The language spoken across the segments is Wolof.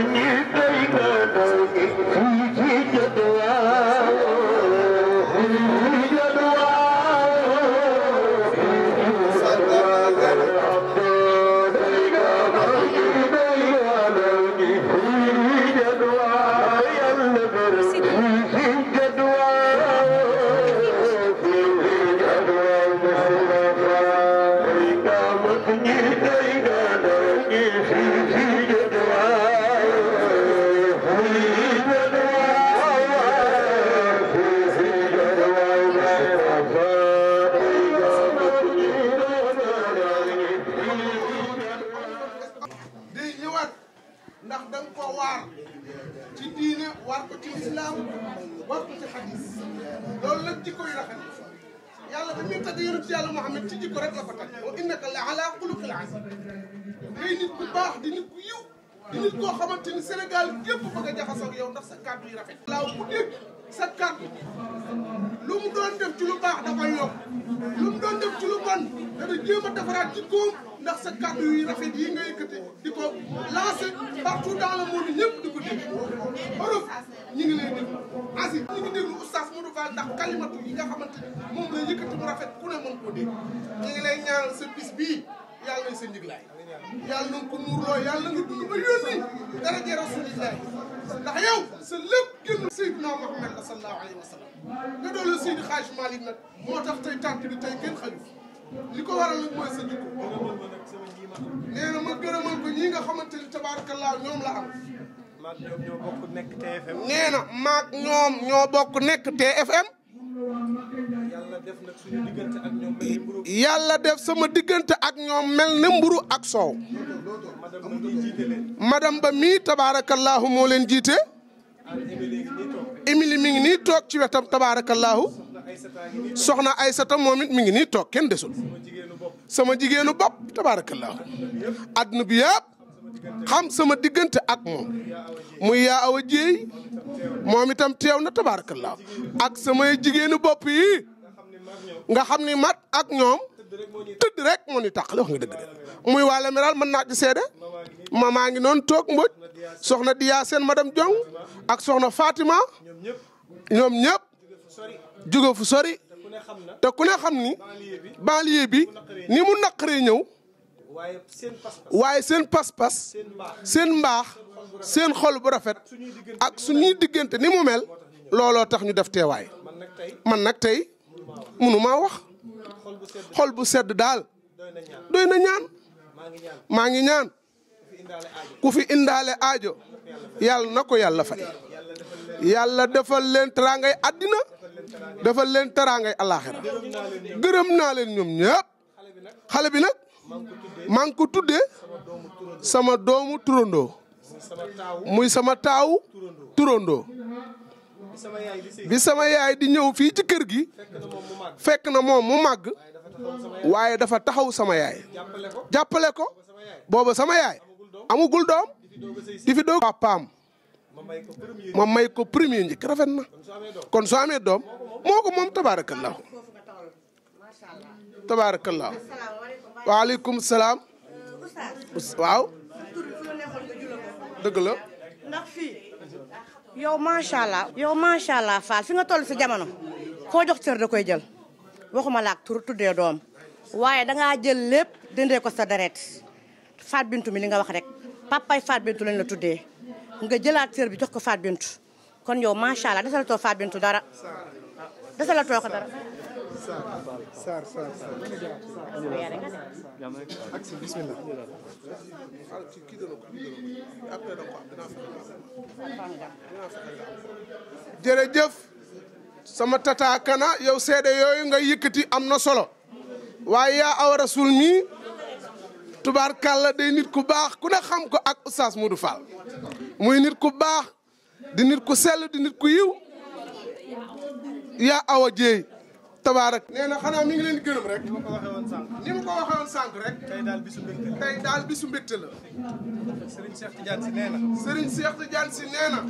الناس ndax da ko waar ci diine waar ko ci lislaam war ko ci xadis loolu nag jikko yu rafet yàlla ba muy tagg yonent yàlla Muhammad ci jikko rek la ko tagg wa innaka la ala xuluqil azim ngay nit ku di nit ku yiw di nit koo xamante ni Sénégal gépp bëgg a jaxasoog yow ndax sa kàddu yu rafet laaw ku dégg sa kàddu lu mu doon def ci lu baax da koy yokk lu mu doon def ci lu bon dana jéem a defaraat jikkoom ndax sa kàddu yu rafet yi nga yëkkati di ko lancé partout dans le monde ñëpp di ko dégg Europe ñi ngi lay déglu Asie ñi ngi déglu oustaz Modou Fall ndax kalimatu moom la yëkkati mu rafet ku ne mën koo dégg ñi ngi lay ñaanal sa bis bii yàlla na sa njiglaay yàlla na ko muurloo yàlla nga dund ba yónni daraja rasulillahi ndax yow sa lépp génn Seydina Muhammad sallallahu alayhi wa sallam moo tax tey tànt tey kenn xaju li ko waral nag mooy sa nga xamante ni tabaarkallaa ñoom ñoo bokk nekk TFM. nee na maag ñoo bokk nekk TFM. yàlla def sama diggante ak ñoom mel ni mburu ak soow. madame ba mii tabaarakallaahu moo leen jiite. Émilie mi ngi nii toog ci wetam tabaarakallaahu soxna ay moom it mu ngi nii toog kenn desul sama jigéenu bopp tabaarakallaahu àdduna bi yëpp xam sama diggante ak moom muy yaa awa jéey moom itam teew na tabaarakallaahu ak samay jigéenu bopp yi nga xam ni mat ak ñoom tëdd rek moo ni tàqale wax nga dëgg de muy waa Laméral mën naa ci seede mamaa ngi noon toog mboj soxna Diya seen madame Diong ak soxna Fatima ñoom ñëpp. jóge fu sori te ku ne xam ni banlieue bi ni mu naqaree ñëw waaye seen pas-pas seen mbaax seen xol bu rafet ak suñuy diggante ni mu mel looloo tax ñu def teewaay man nag tey munu maa wax xol bu sedd daal doy na ñaan maa ngi ñaan ku fi indaale aajo yàlla na ko yàlla fay yàlla defal leen teraangay àddina defal leen taraangay àllaaxira gërëm naa leen ñoom ñëpp xale bi nag maa ngi ko tuddee sama doomu turandoo muy sama taawu turandoo bi sama yaay di ñëw fii ci kër gi fekk na moom mu màgg waaye dafa taxaw sama yaay jàppale ko booba sama yaay amugul doom di fi doog papaam moom may ko premier njëkk rafet na kon soo amee doom moo ko moom tabaarakallaahu tabaarakallaahu waaleykum salaam waaw dëgg la ndax fii yow macha allah yow macha allah Fall fi nga toll si jamono koo jox cër da koy jël waxuma laak tur tuddee doom waaye dangaa jël lépp dindee ko sa deret Fatou Bintou mi li nga wax rek papay Fatou Bintou lañ la tuddee nga jëlaat bi jox ko Fatou Bintou kon yow macha allah desalatoo Fatou Bintou dara desalatoo ko dara. Saar Saar sama tata yow seede yooyu nga yëkkati am na solo waaye yaa awa rasul mi tubaarkàlla day nit ku baax ku ne xam ko ak Oustaz Modou Fall. muy nit ku baax di nit ku sell di nit ku yiw yaa awa jéey tabaarak nee na xanaa mi ngi leen di gërëm rek ni ma ko waxee woon ni ma ko waxee woon rek tey daal bisu mbégte la tey daal bisu mbégte la Serigne Cheikh Tidiane si nee na Serigne Cheikh si nee na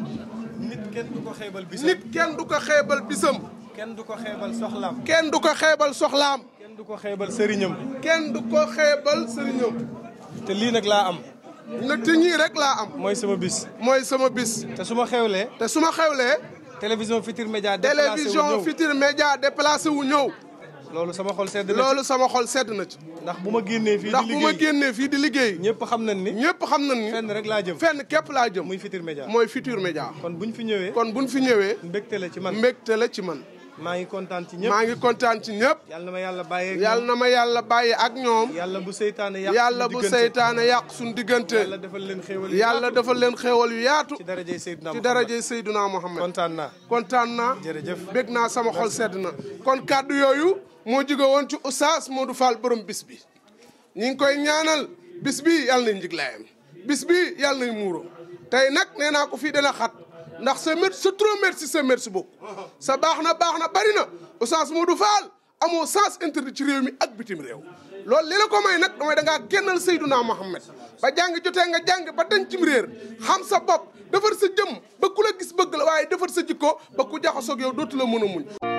nit kenn du ko xeebal bisam nit kenn du ko xeebal bisam kenn du ko xeebal soxlaam kenn du ko xeebal soxlaam kenn du ko xeebal sëriñam kenn du ko xeebal sëriñam te lii nag laa am nag te ñii rek laa am. mooy sama bis. mooy sama bis. te su ma xewlee. te su xewlee. télévision Futurs Médias déplacé wu ñëw télévision Futurs Médias déplacé wu ñëw. loolu sama xol sedd na ci loolu sedd na ci. ndax bu ma génnee fi di liggéey ndax bu ma génnee fii di liggéey. ñëpp xam nañ ni ñëpp xam nañ ni. fenn rek laa jëm fenn képp laa jëm. muy Futurs Médias mooy Futurs Médias. kon buñ fi ñëwee. kon buñ fi ñëwee. mbégte ci man mbégte la ci man. maa ngi kontaan ci ñëpp ngi kontaan ci ñëpp. yal na ma yàlla bàyyee na ma yàlla bàyyee ak ñoom. yàlla bu seytaane yàq yàlla bu seytaane yàq suñu diggante. yàlla defal leen xéewal yu yaatu yàlla defal leen xéewal yu yaatu. ci darajay Seydina Mohamed ci darajay Seydina Mohamed. kontaan naa kontaan naa. jërëjëf bég naa sama xol sedd na. kon kàddu yooyu moo jóge woon ci Oustaz du Fall borom bis bi. ñi ngi koy ñaanal bis bi yàlla nañ njiglaayam bis bi yàlla nañ muuro tey nag nee naa ko fii dana xat ndax c'est merci c'est trop merci c'est merci beaucoup sa baax na baax na bari na Oustaz Modou faal amoo sens interdit ci réew mi ak bi tim réew loolu li la ko may nag damay da ngaa génnal Seydouna Mohamed ba jàng jotee nga jàng ba dañ cim réer xam sa bopp defar sa jëm ba ku la gis bëgg la waaye defar sa jikko ba ku jaxasoog yow dootu la mën a muñ